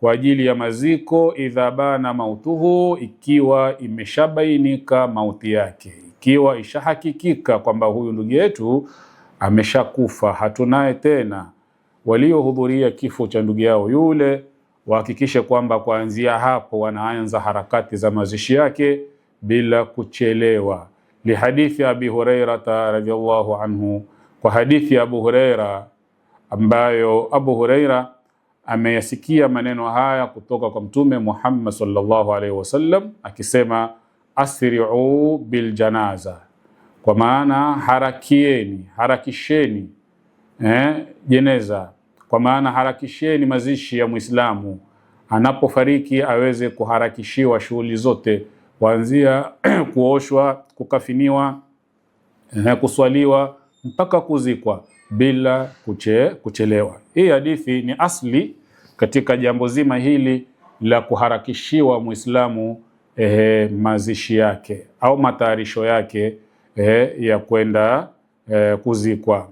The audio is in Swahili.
kwa ajili ya maziko, idha bana mautuhu, ikiwa imeshabainika mauti yake, ikiwa ishahakikika kwamba huyu ndugu yetu ameshakufa, hatunaye tena. Waliohudhuria kifo cha ndugu yao yule wahakikishe kwamba kuanzia hapo wanaanza harakati za mazishi yake bila kuchelewa. Lihadithi Abi Hurairata radhiallahu anhu, kwa hadithi ya Abu Huraira ambayo Abu Huraira ameyasikia maneno haya kutoka kwa Mtume Muhammad sallallahu alaihi wasallam akisema, asri'u bil janaza, kwa maana harakieni, harakisheni eh, jeneza, kwa maana harakisheni mazishi ya Muislamu anapofariki aweze kuharakishiwa shughuli zote kuanzia kuoshwa, kukafiniwa, eh, kuswaliwa mpaka kuzikwa bila kuche, kuchelewa. Hii hadithi ni asli katika jambo zima hili la kuharakishiwa Muislamu eh, mazishi yake au matayarisho yake eh, ya kwenda eh, kuzikwa.